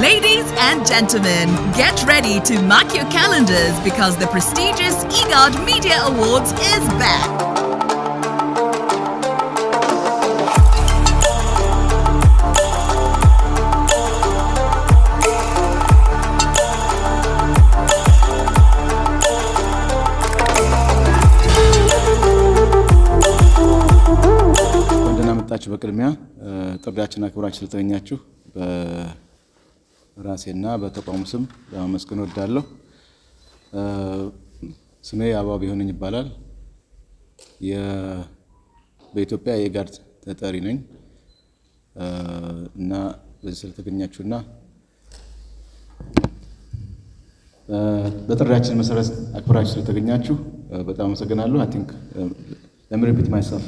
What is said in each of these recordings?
Ladies and gentlemen, get ready to mark your calendars because the prestigious EGOD Media Awards is back. ጥሪያችን አክብራችሁ ስለተገኛችሁ ራሴና በተቋሙ ስም ለማመስገን ወዳለሁ። ስሜ አበባ ቢሆነኝ ይባላል። በኢትዮጵያ የጋርድ ተጠሪ ነኝ እና በዚህ ስለተገኛችሁና በጥሪያችን መሰረት አክብራችሁ ስለተገኛችሁ በጣም አመሰግናለሁ። አይ ቲንክ ለምሪፒት ማይሰልፍ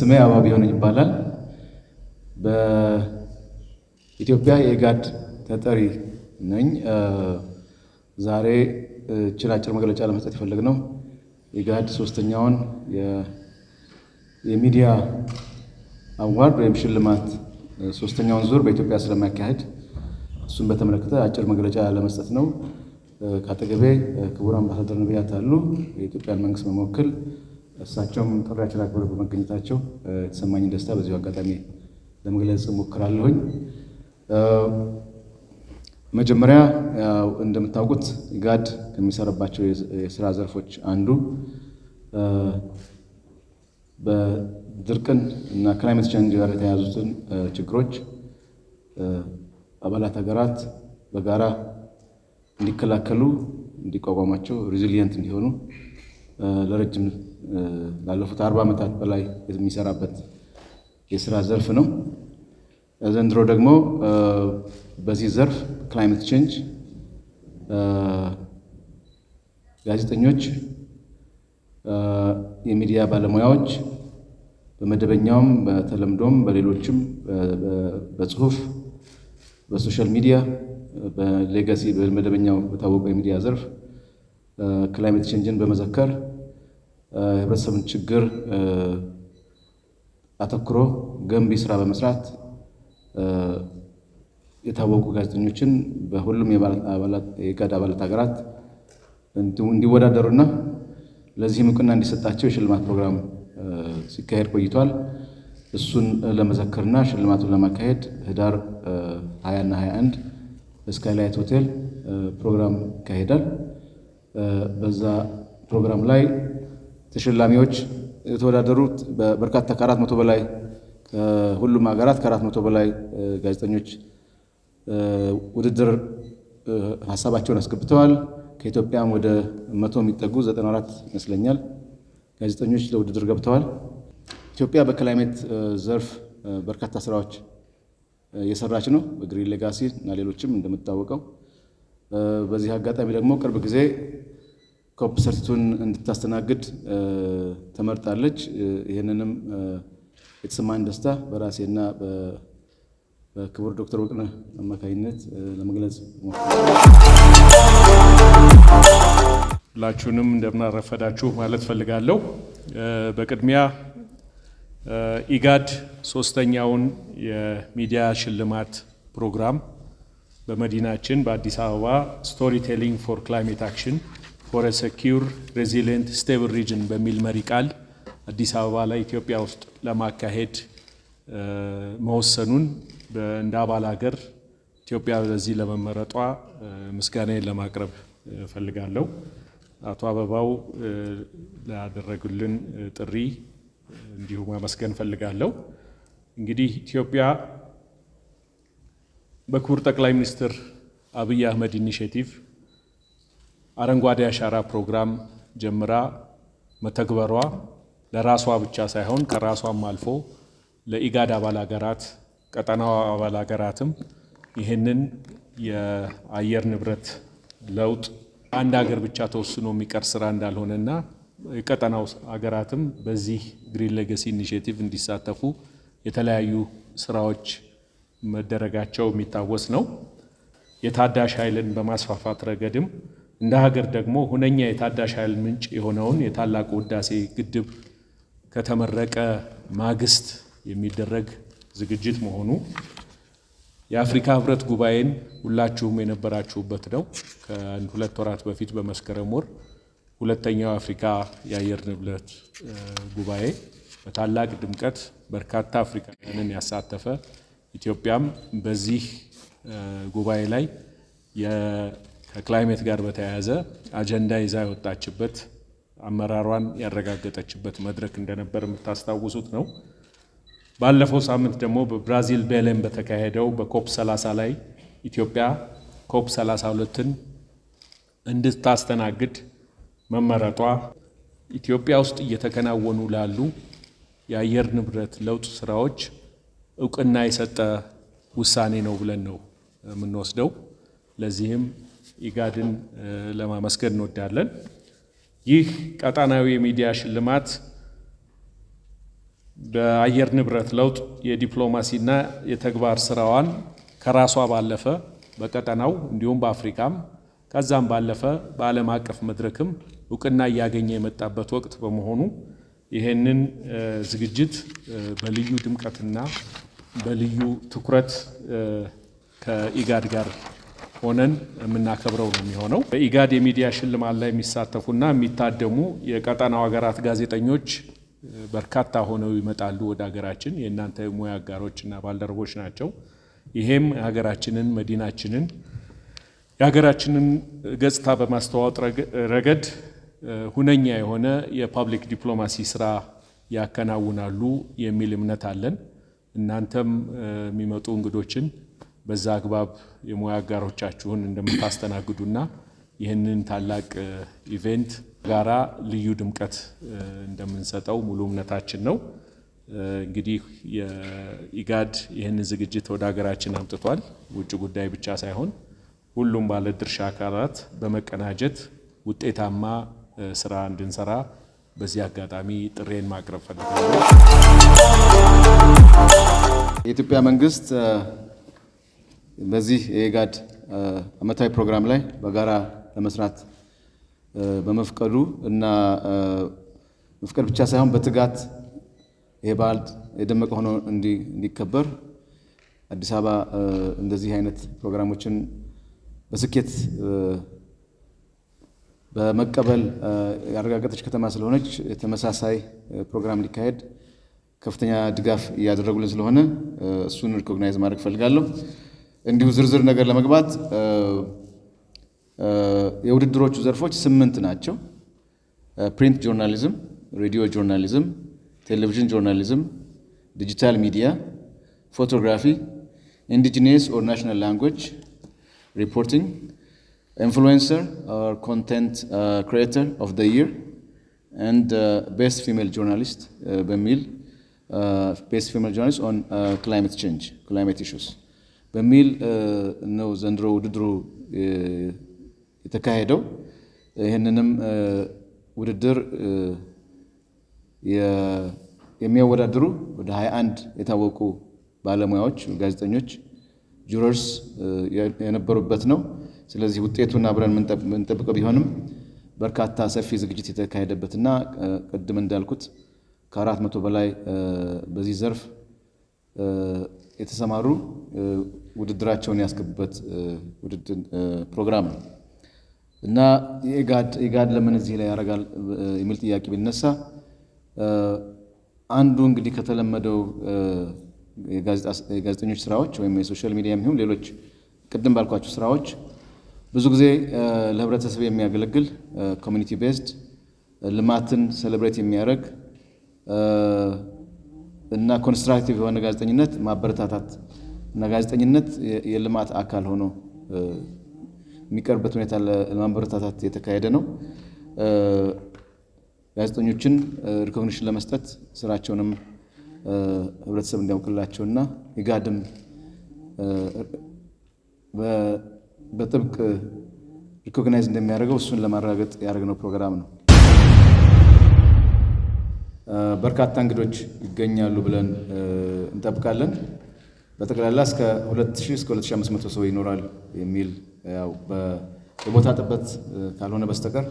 ስሜ አበባው ቢሆነኝ ይባላል። ኢትዮጵያ የጋድ ተጠሪ ነኝ። ዛሬ እችን አጭር መግለጫ ለመስጠት ነው። የጋድ ሶስተኛውን የሚዲያ አዋርድ ወይም ሽልማት ሶስተኛውን ዙር በኢትዮጵያ ስለማያካሄድ እሱን በተመለከተ አጭር መግለጫ ለመስጠት ነው። ከአጠገቤ ክቡር አምባሳደር ነቢያት አሉ፣ የኢትዮጵያን መንግስት በመወክል እሳቸውም ጥሪያቸውን አክብረው በመገኘታቸው የተሰማኝን ደስታ በዚሁ አጋጣሚ ለመግለጽ እሞክራለሁኝ። መጀመሪያ እንደምታውቁት ጋድ ከሚሰራባቸው የስራ ዘርፎች አንዱ በድርቅን እና ክላይመት ቼንጅ ጋር የተያዙትን ችግሮች አባላት ሀገራት በጋራ እንዲከላከሉ፣ እንዲቋቋማቸው፣ ሪዚሊየንት እንዲሆኑ ለረጅም ላለፉት አርባ ዓመታት በላይ የሚሰራበት የስራ ዘርፍ ነው። ዘንድሮ ደግሞ በዚህ ዘርፍ ክላይሜት ቼንጅ ጋዜጠኞች፣ የሚዲያ ባለሙያዎች በመደበኛውም በተለምዶም በሌሎችም በጽሁፍ በሶሻል ሚዲያ በሌጋሲ በመደበኛው በታወቀው የሚዲያ ዘርፍ ክላይሜት ቼንጅን በመዘከር የህብረተሰብን ችግር አተኩሮ ገንቢ ስራ በመስራት የታወቁ ጋዜጠኞችን በሁሉም የጋድ አባላት ሀገራት እንዲወዳደሩና ለዚህም እውቅና እንዲሰጣቸው የሽልማት ፕሮግራም ሲካሄድ ቆይቷል። እሱን ለመዘከርና ሽልማቱን ለማካሄድ ህዳር 20 እና 21 ስካይላይት ሆቴል ፕሮግራም ይካሄዳል። በዛ ፕሮግራም ላይ ተሸላሚዎች የተወዳደሩት በርካታ ከአራት መቶ በላይ ሁሉም ሀገራት ከአራት መቶ በላይ ጋዜጠኞች ውድድር ሀሳባቸውን አስገብተዋል። ከኢትዮጵያም ወደ መቶ የሚጠጉ 94 ይመስለኛል ጋዜጠኞች ለውድድር ገብተዋል። ኢትዮጵያ በክላይሜት ዘርፍ በርካታ ስራዎች እየሰራች ነው፣ በግሪን ሌጋሲ እና ሌሎችም እንደምታወቀው። በዚህ አጋጣሚ ደግሞ ቅርብ ጊዜ ኮፕ ሰርቲቱን እንድታስተናግድ ተመርጣለች። ይህንንም የተሰማኝ ደስታ በራሴና በክቡር ዶክተር ወርቅነህ አማካኝነት ለመግለጽ ሁላችሁንም እንደምናረፈዳችሁ ማለት ፈልጋለሁ። በቅድሚያ ኢጋድ ሶስተኛውን የሚዲያ ሽልማት ፕሮግራም በመዲናችን በአዲስ አበባ ስቶሪቴሊንግ ፎር ክላይሜት አክሽን ፎር ሴኪር ሬዚሊየንት ስቴብል ሪጅን በሚል መሪ ቃል አዲስ አበባ ላይ ኢትዮጵያ ውስጥ ለማካሄድ መወሰኑን እንደ አባል ሀገር ኢትዮጵያ በዚህ ለመመረጧ ምስጋናዬን ለማቅረብ እፈልጋለሁ። አቶ አበባው ላደረጉልን ጥሪ እንዲሁ ማመስገን እፈልጋለሁ። እንግዲህ ኢትዮጵያ በክቡር ጠቅላይ ሚኒስትር አብይ አህመድ ኢኒሽቲቭ አረንጓዴ አሻራ ፕሮግራም ጀምራ መተግበሯ ለራሷ ብቻ ሳይሆን ከራሷም አልፎ ለኢጋድ አባል ሀገራት ቀጠናው አባል ሀገራትም ይህንን የአየር ንብረት ለውጥ አንድ ሀገር ብቻ ተወስኖ የሚቀር ስራ እንዳልሆነና የቀጠናው ሀገራትም በዚህ ግሪን ሌገሲ ኢኒሽቲቭ እንዲሳተፉ የተለያዩ ስራዎች መደረጋቸው የሚታወስ ነው። የታዳሽ ኃይልን በማስፋፋት ረገድም እንደ ሀገር ደግሞ ሁነኛ የታዳሽ ኃይል ምንጭ የሆነውን የታላቁ ህዳሴ ግድብ ከተመረቀ ማግስት የሚደረግ ዝግጅት መሆኑ የአፍሪካ ህብረት ጉባኤን ሁላችሁም የነበራችሁበት ነው። ከአንድ ሁለት ወራት በፊት በመስከረም ወር ሁለተኛው የአፍሪካ የአየር ንብረት ጉባኤ በታላቅ ድምቀት በርካታ አፍሪካውያንን ያሳተፈ ኢትዮጵያም በዚህ ጉባኤ ላይ ከክላይሜት ጋር በተያያዘ አጀንዳ ይዛ የወጣችበት አመራሯን ያረጋገጠችበት መድረክ እንደነበር የምታስታውሱት ነው። ባለፈው ሳምንት ደግሞ በብራዚል ቤሌም በተካሄደው በኮፕ 30 ላይ ኢትዮጵያ ኮፕ 32ን እንድታስተናግድ መመረጧ ኢትዮጵያ ውስጥ እየተከናወኑ ላሉ የአየር ንብረት ለውጥ ስራዎች እውቅና የሰጠ ውሳኔ ነው ብለን ነው የምንወስደው። ለዚህም ኢጋድን ለማመስገን እንወዳለን። ይህ ቀጣናዊ የሚዲያ ሽልማት በአየር ንብረት ለውጥ የዲፕሎማሲና የተግባር ስራዋን ከራሷ ባለፈ በቀጠናው እንዲሁም በአፍሪካም ከዛም ባለፈ በዓለም አቀፍ መድረክም እውቅና እያገኘ የመጣበት ወቅት በመሆኑ ይህንን ዝግጅት በልዩ ድምቀትና በልዩ ትኩረት ከኢጋድ ጋር ሆነን የምናከብረው ነው የሚሆነው። በኢጋድ የሚዲያ ሽልማት ላይ የሚሳተፉና የሚታደሙ የቀጠናው ሀገራት ጋዜጠኞች በርካታ ሆነው ይመጣሉ ወደ ሀገራችን። የእናንተ አጋሮች አጋሮችና ባልደረቦች ናቸው። ይሄም ሀገራችንን፣ መዲናችንን፣ የሀገራችንን ገጽታ በማስተዋወጥ ረገድ ሁነኛ የሆነ የፓብሊክ ዲፕሎማሲ ስራ ያከናውናሉ የሚል እምነት አለን። እናንተም የሚመጡ እንግዶችን በዛ አግባብ የሙያ አጋሮቻችሁን እንደምታስተናግዱና ይህንን ታላቅ ኢቬንት ጋራ ልዩ ድምቀት እንደምንሰጠው ሙሉ እምነታችን ነው። እንግዲህ የኢጋድ ይህንን ዝግጅት ወደ ሀገራችን አምጥቷል። ውጭ ጉዳይ ብቻ ሳይሆን ሁሉም ባለድርሻ አካላት በመቀናጀት ውጤታማ ስራ እንድንሰራ በዚህ አጋጣሚ ጥሬን ማቅረብ ፈልጋለሁ። የኢትዮጵያ መንግስት በዚህ የኤጋድ ዓመታዊ ፕሮግራም ላይ በጋራ ለመስራት በመፍቀዱ እና መፍቀድ ብቻ ሳይሆን በትጋት ይሄ በዓል የደመቀ ሆኖ እንዲከበር አዲስ አበባ እንደዚህ አይነት ፕሮግራሞችን በስኬት በመቀበል ያረጋገጠች ከተማ ስለሆነች ተመሳሳይ ፕሮግራም ሊካሄድ ከፍተኛ ድጋፍ እያደረጉልን ስለሆነ እሱን ሪኮግናይዝ ማድረግ እፈልጋለሁ። እንዲሁ ዝርዝር ነገር ለመግባት የውድድሮቹ ዘርፎች ስምንት ናቸው። ፕሪንት ጆርናሊዝም፣ ሬዲዮ ጆርናሊዝም፣ ቴሌቪዥን ጆርናሊዝም፣ ዲጂታል ሚዲያ፣ ፎቶግራፊ፣ ኢንዲጂኒየስ ኦር ናሽናል ላንጉጅ ሪፖርቲንግ፣ ኢንፍሉዌንሰር ኦር ኮንቴንት ክሪኤተር ኦፍ ዘ ይር ኤንድ ቤስት ፊሜል ጆርናሊስት በሚል ቤስት ፊሜል ጆርናሊስት ኦን ክላይሜት ቼንጅ ክላይሜት ኢሹስ በሚል ነው ዘንድሮ ውድድሩ የተካሄደው። ይህንንም ውድድር የሚያወዳድሩ ወደ 21 የታወቁ ባለሙያዎች፣ ጋዜጠኞች፣ ጁሮርስ የነበሩበት ነው። ስለዚህ ውጤቱን አብረን የምንጠብቀው ቢሆንም በርካታ ሰፊ ዝግጅት የተካሄደበትና ቅድም እንዳልኩት ከአራት መቶ በላይ በዚህ ዘርፍ የተሰማሩ ውድድራቸውን ያስገቡበት ውድድር ፕሮግራም ነው እና ኢጋድ ለምን እዚህ ላይ ያደርጋል የሚል ጥያቄ ቢነሳ አንዱ እንግዲህ ከተለመደው የጋዜጠኞች ስራዎች ወይም የሶሻል ሚዲያ የሚሆን ሌሎች ቅድም ባልኳቸው ስራዎች ብዙ ጊዜ ለህብረተሰብ የሚያገለግል ኮሚኒቲ ቤዝድ ልማትን ሴሌብሬት የሚያደርግ እና ኮንስትራክቲቭ የሆነ ጋዜጠኝነት ማበረታታት እና ጋዜጠኝነት የልማት አካል ሆኖ የሚቀርበት ሁኔታ ለማበረታታት የተካሄደ ነው። ጋዜጠኞችን ሪኮግኒሽን ለመስጠት ስራቸውንም ህብረተሰብ እንዲያውቅላቸውና የጋድም በጥብቅ ሪኮግናይዝ እንደሚያደርገው እሱን ለማረጋገጥ ያደረግነው ፕሮግራም ነው። በርካታ እንግዶች ይገኛሉ ብለን እንጠብቃለን። በጠቅላላ እስከ 2000 እስከ 2500 ሰው ይኖራል የሚል ያው የቦታ ጥበት ካልሆነ በስተቀር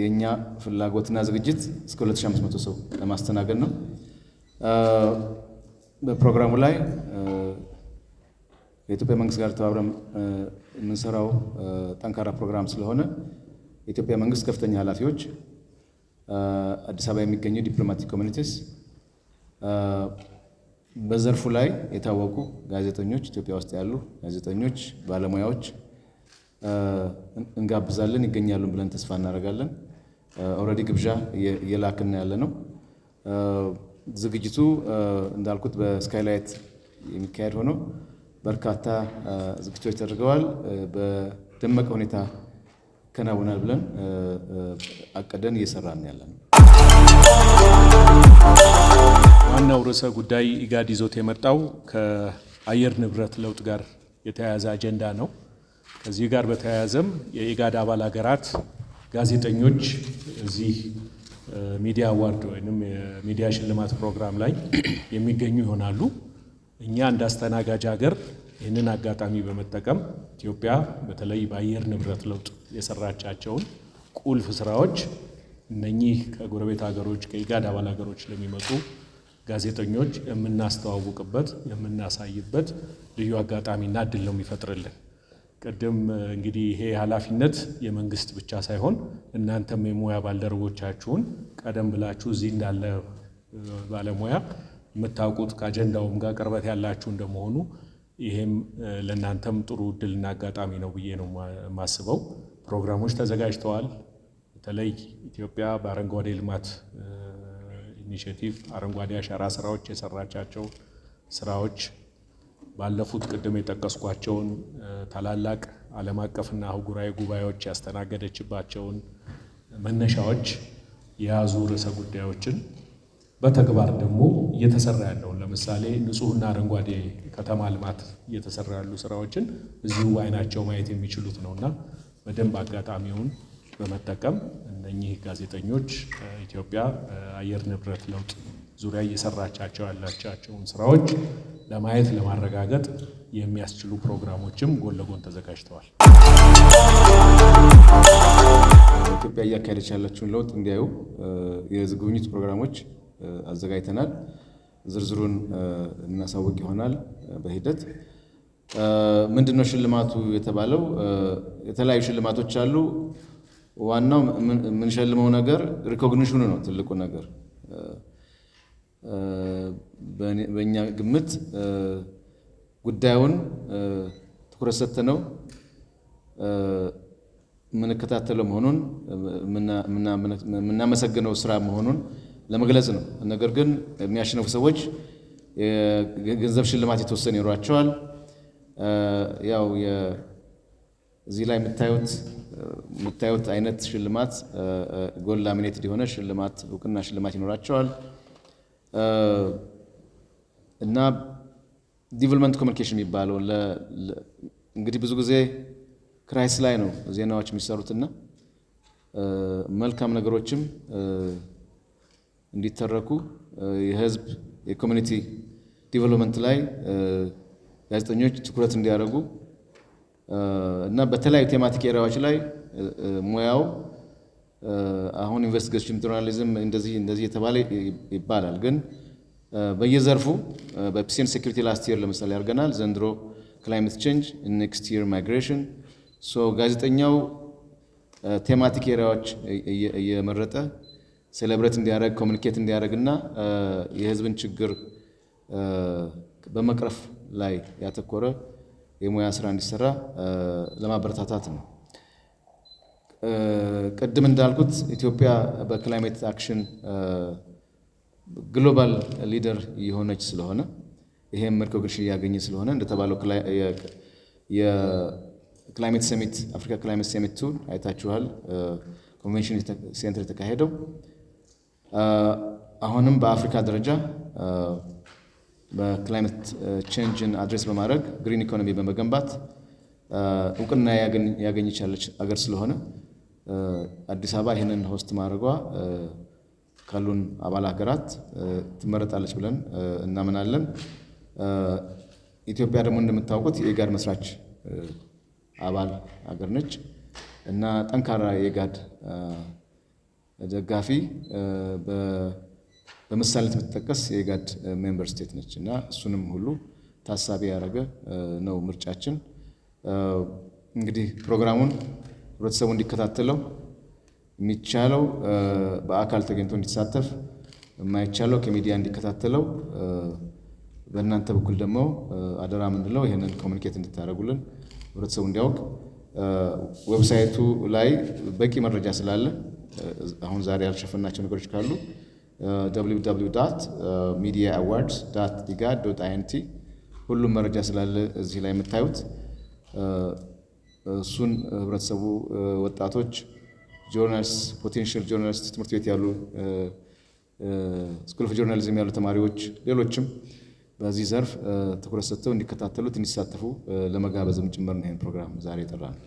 የእኛ ፍላጎትና ዝግጅት እስከ 2500 ሰው ለማስተናገድ ነው። በፕሮግራሙ ላይ ከኢትዮጵያ መንግስት ጋር ተባብረን የምንሰራው ጠንካራ ፕሮግራም ስለሆነ የኢትዮጵያ መንግስት ከፍተኛ ኃላፊዎች፣ አዲስ አበባ የሚገኙ ዲፕሎማቲክ ኮሚኒቲስ በዘርፉ ላይ የታወቁ ጋዜጠኞች ኢትዮጵያ ውስጥ ያሉ ጋዜጠኞች፣ ባለሙያዎች እንጋብዛለን። ይገኛሉን ብለን ተስፋ እናደርጋለን። ኦልሬዲ ግብዣ እየላክን ያለ ነው። ዝግጅቱ እንዳልኩት በስካይላይት የሚካሄድ ሆኖ በርካታ ዝግጅቶች ተደርገዋል። በደመቀ ሁኔታ ከናውናል ብለን አቅደን እየሰራን ያለ ነው። ርዕሰ ጉዳይ ኢጋድ ይዞት የመጣው ከአየር ንብረት ለውጥ ጋር የተያያዘ አጀንዳ ነው። ከዚህ ጋር በተያያዘም የኢጋድ አባል ሀገራት ጋዜጠኞች እዚህ ሚዲያ አዋርድ ወይም የሚዲያ ሽልማት ፕሮግራም ላይ የሚገኙ ይሆናሉ። እኛ እንደ አስተናጋጅ ሀገር ይህንን አጋጣሚ በመጠቀም ኢትዮጵያ በተለይ በአየር ንብረት ለውጥ የሰራቻቸውን ቁልፍ ስራዎች እነኚህ ከጎረቤት ሀገሮች ከኢጋድ አባል ሀገሮች ለሚመጡ ጋዜጠኞች የምናስተዋውቅበት የምናሳይበት ልዩ አጋጣሚና እድል ነው የሚፈጥርልን። ቅድም እንግዲህ ይሄ ኃላፊነት የመንግስት ብቻ ሳይሆን እናንተም የሙያ ባልደረቦቻችሁን ቀደም ብላችሁ እዚህ እንዳለ ባለሙያ የምታውቁት ከአጀንዳውም ጋር ቅርበት ያላችሁ እንደመሆኑ ይሄም ለእናንተም ጥሩ እድልና አጋጣሚ ነው ብዬ ነው የማስበው። ፕሮግራሞች ተዘጋጅተዋል። በተለይ ኢትዮጵያ በአረንጓዴ ልማት ኢኒሽቲቭ አረንጓዴ አሻራ ስራዎች የሰራቻቸው ስራዎች ባለፉት ቅድም የጠቀስኳቸውን ታላላቅ ዓለም አቀፍና አህጉራዊ ጉባኤዎች ያስተናገደችባቸውን መነሻዎች የያዙ ርዕሰ ጉዳዮችን በተግባር ደግሞ እየተሰራ ያለውን ለምሳሌ ንጹህና አረንጓዴ ከተማ ልማት እየተሰራ ያሉ ስራዎችን እዚሁ አይናቸው ማየት የሚችሉት ነውና በደንብ አጋጣሚውን በመጠቀም እነኚህ ጋዜጠኞች ኢትዮጵያ አየር ንብረት ለውጥ ዙሪያ እየሰራቻቸው ያላቻቸውን ስራዎች ለማየት ለማረጋገጥ የሚያስችሉ ፕሮግራሞችም ጎን ለጎን ተዘጋጅተዋል። ኢትዮጵያ እያካሄደች ያላችውን ለውጥ እንዲያዩ የህዝብ ጉብኝት ፕሮግራሞች አዘጋጅተናል። ዝርዝሩን እናሳውቅ ይሆናል በሂደት ምንድነው ሽልማቱ የተባለው? የተለያዩ ሽልማቶች አሉ። ዋናው የምንሸልመው ነገር ሪኮግኒሽኑ ነው ትልቁ ነገር። በእኛ ግምት ጉዳዩን ትኩረት ሰጥተነው የምንከታተለው መሆኑን የምናመሰግነው ስራ መሆኑን ለመግለጽ ነው። ነገር ግን የሚያሸንፉ ሰዎች የገንዘብ ሽልማት የተወሰነ ይኖራቸዋል ያው እዚህ ላይ የምታዩት አይነት ሽልማት ጎል ላሚኔትድ የሆነ ሽልማት እውቅና ሽልማት ይኖራቸዋል እና ዲቨሎፕመንት ኮሚኒኬሽን የሚባለው እንግዲህ ብዙ ጊዜ ክራይስ ላይ ነው ዜናዎች የሚሰሩትና መልካም ነገሮችም እንዲተረኩ የህዝብ የኮሚኒቲ ዲቨሎፕመንት ላይ ጋዜጠኞች ትኩረት እንዲያደርጉ እና በተለያዩ ቴማቲክ ኤሪያዎች ላይ ሙያው አሁን ኢንቨስቲጌሽን ጆርናሊዝም እንደዚህ እንደዚህ የተባለ ይባላል። ግን በየዘርፉ በፒሲን ሴኩሪቲ ላስት ይር ለምሳሌ ያርገናል። ዘንድሮ ክላይመት ቼንጅ፣ ኔክስት ይር ማይግሬሽን። ሶ ጋዜጠኛው ቴማቲክ ኤሪያዎች እየመረጠ ሴሌብሬት እንዲያደርግ ኮሚኒኬት እንዲያደርግ እና የህዝብን ችግር በመቅረፍ ላይ ያተኮረ የሙያ ስራ እንዲሰራ ለማበረታታት ነው። ቅድም እንዳልኩት ኢትዮጵያ በክላይሜት አክሽን ግሎባል ሊደር የሆነች ስለሆነ ይሄም መርኮ ግሽ እያገኘ ስለሆነ እንደተባለው የክላይሜት ሰሚት አፍሪካ ክላይሜት ሰሚት ቱን አይታችኋል። ኮንቬንሽን ሴንተር የተካሄደው አሁንም በአፍሪካ ደረጃ በክላይመት ቼንጅን አድሬስ በማድረግ ግሪን ኢኮኖሚ በመገንባት እውቅና ያገኘች ያለች አገር ስለሆነ አዲስ አበባ ይህንን ሆስት ማድረጓ ካሉን አባል ሀገራት ትመረጣለች ብለን እናምናለን። ኢትዮጵያ ደግሞ እንደምታውቁት የኢጋድ መስራች አባል ሀገር ነች እና ጠንካራ የኢጋድ ደጋፊ በምሳሌነት ብትጠቀስ የኢጋድ ሜምበር ስቴት ነች እና እሱንም ሁሉ ታሳቢ ያደረገ ነው ምርጫችን። እንግዲህ ፕሮግራሙን ህብረተሰቡ እንዲከታተለው የሚቻለው በአካል ተገኝቶ እንዲሳተፍ፣ የማይቻለው ከሚዲያ እንዲከታተለው በእናንተ በኩል ደግሞ አደራ የምንለው ይህንን ኮሚኒኬት እንድታደርጉልን ህብረተሰቡ እንዲያውቅ ዌብሳይቱ ላይ በቂ መረጃ ስላለ አሁን ዛሬ ያልሸፈናቸው ነገሮች ካሉ www ሚዲያ አዋርድስ ኢጋ ዶት አይንቲ ሁሉም መረጃ ስላለ እዚህ ላይ የምታዩት እሱን ህብረተሰቡ፣ ወጣቶች፣ ጆርናሊስት ፖቴንሽል ጆርናሊስት ትምህርት ቤት ያሉ ስኩል ኦፍ ጆርናሊዝም ያሉ ተማሪዎች፣ ሌሎችም በዚህ ዘርፍ ትኩረት ሰጥተው እንዲከታተሉት እንዲሳተፉ ለመጋበዝም ጭምር ነው ይህን ፕሮግራም ዛሬ የጠራ ነው።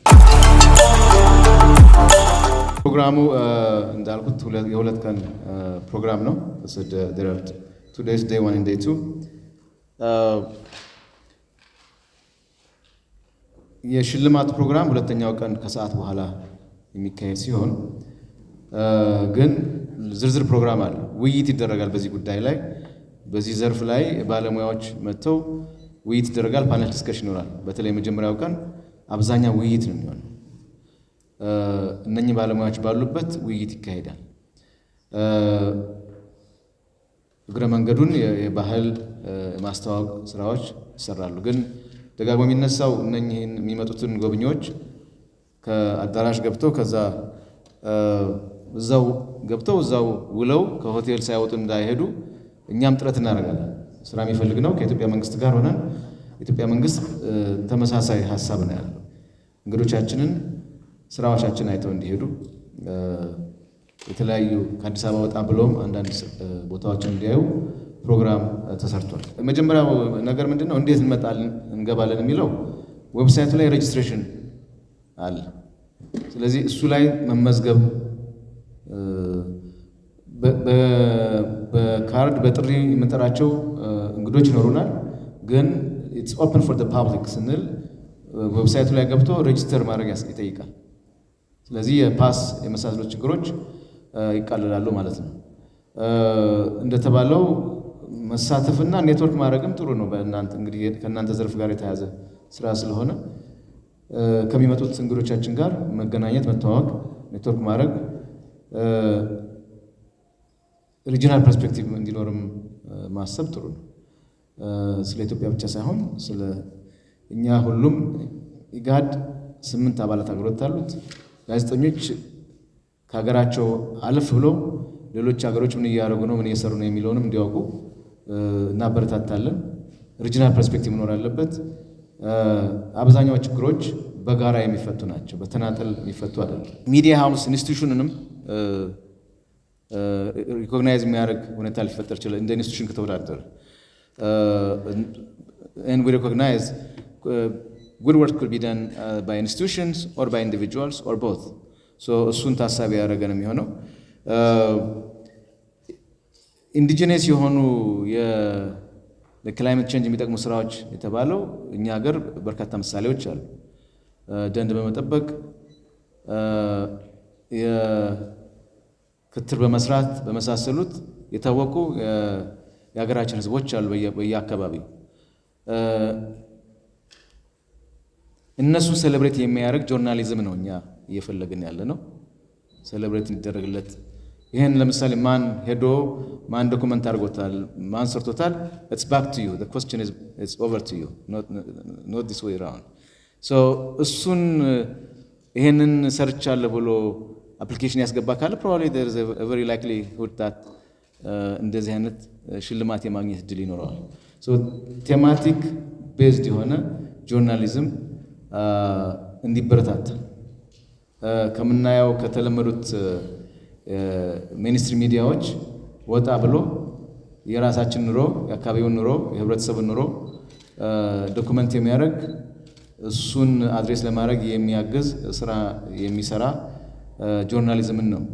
ፕሮግራሙ እንዳልኩት የሁለት ቀን ፕሮግራም ነው። ቱ ዴይስ ዴይ ዋን ዴይ ቱ የሽልማት ፕሮግራም ሁለተኛው ቀን ከሰዓት በኋላ የሚካሄድ ሲሆን ግን ዝርዝር ፕሮግራም አለ። ውይይት ይደረጋል በዚህ ጉዳይ ላይ በዚህ ዘርፍ ላይ ባለሙያዎች መጥተው ውይይት ይደረጋል። ፓነል ዲስከሽን ይኖራል። በተለይ የመጀመሪያው ቀን አብዛኛው ውይይት ነው የሚሆነው። እነኚህ ባለሙያዎች ባሉበት ውይይት ይካሄዳል። እግረ መንገዱን የባህል ማስተዋወቅ ስራዎች ይሰራሉ። ግን ደጋግሞ የሚነሳው እነኚህን የሚመጡትን ጎብኚዎች ከአዳራሽ ገብተው ከዛ እዛው ገብተው እዛው ውለው ከሆቴል ሳይወጡ እንዳይሄዱ እኛም ጥረት እናደርጋለን። ስራ የሚፈልግ ነው። ከኢትዮጵያ መንግስት ጋር ሆነን ኢትዮጵያ መንግስት ተመሳሳይ ሀሳብ ነው ያለው እንግዶቻችንን ስራዎቻችን አይተው እንዲሄዱ የተለያዩ ከአዲስ አበባ ወጣ ብለውም አንዳንድ ቦታዎችን እንዲያዩ ፕሮግራም ተሰርቷል። መጀመሪያው ነገር ምንድን ነው? እንዴት እንመጣለን እንገባለን የሚለው ዌብሳይቱ ላይ ሬጅስትሬሽን አለ። ስለዚህ እሱ ላይ መመዝገብ በካርድ በጥሪ የምንጠራቸው እንግዶች ይኖሩናል። ግን ኢትስ ኦፕን ፎር ፐብሊክ ስንል ዌብሳይቱ ላይ ገብቶ ሬጅስተር ማድረግ ይጠይቃል። ስለዚህ የፓስ የመሳሰሉ ችግሮች ይቃለላሉ ማለት ነው። እንደተባለው መሳተፍና ኔትወርክ ማድረግም ጥሩ ነው። በእናንተ እንግዲህ ከእናንተ ዘርፍ ጋር የተያዘ ስራ ስለሆነ ከሚመጡት እንግዶቻችን ጋር መገናኘት፣ መተዋወቅ፣ ኔትወርክ ማድረግ ሪጂናል ፐርስፔክቲቭ እንዲኖርም ማሰብ ጥሩ ነው። ስለ ኢትዮጵያ ብቻ ሳይሆን ስለ እኛ ሁሉም ኢጋድ ስምንት አባላት አገሮች አሉት። ጋዜጠኞች ከሀገራቸው አልፍ ብለው ሌሎች ሀገሮች ምን እያደረጉ ነው፣ ምን እየሰሩ ነው የሚለውንም እንዲያውቁ እናበረታታለን። ሪጂናል ፐርስፔክቲቭ መኖር አለበት። አብዛኛው ችግሮች በጋራ የሚፈቱ ናቸው፣ በተናጠል የሚፈቱ አይደለም። ሚዲያ ሀውስ ኢንስቲቱሽንንም ሪኮግናይዝ የሚያደርግ ሁኔታ ሊፈጠር ይችላል። እንደ ኢንስቲቱሽን ከተወዳደረ ሪኮግናይዝ ጉድ ወርክ ኩድ ቢ ዳን ባይ ኢንስቲቱሽንስ ኦር ባይ ኢንዲቪጁዋልስ ኦር ቦት። እሱን ታሳቢ ያደረገ ነው የሚሆነው። ኢንዲጂነስ uh, የሆኑ ለክላይመት ቼንጅ የሚጠቅሙ ስራዎች የተባለው እኛ ሀገር በርካታ ምሳሌዎች አሉ። uh, ደንድ በመጠበቅ uh, ክትር በመስራት በመሳሰሉት የታወቁ የሀገራችን ህዝቦች አሉ በየአካባቢው እነሱን ሴሌብሬት የሚያደርግ ጆርናሊዝም ነው እኛ እየፈለግን ያለ ነው። ሴሌብሬት እንዲደረግለት ይህን ለምሳሌ ማን ሄዶ ማን ዶኩመንት አድርጎታል፣ ማን ሰርቶታል? ኢትስ ባክ ቱ ዩ ኮስችን ኢዝ ኦቨር ቱ ዩ ኖት ዲስ ዌይ ራውንድ። እሱን ይህንን ሰርቻለሁ ብሎ አፕሊኬሽን ያስገባ ካለ ፕሮባብሊ ዜር ኢዝ ኤ ቨሪ ሁድ ዳት እንደዚህ አይነት uh, ሽልማት የማግኘት እድል ይኖረዋል። ቴማቲክ ቤዝድ የሆነ ጆርናሊዝም እንዲበረታታ ከምናየው ከተለመዱት ሚኒስትሪ ሚዲያዎች ወጣ ብሎ የራሳችን ኑሮ፣ የአካባቢውን ኑሮ፣ የህብረተሰቡን ኑሮ ዶኩመንት የሚያደርግ እሱን አድሬስ ለማድረግ የሚያግዝ ስራ የሚሰራ ጆርናሊዝምን ነው።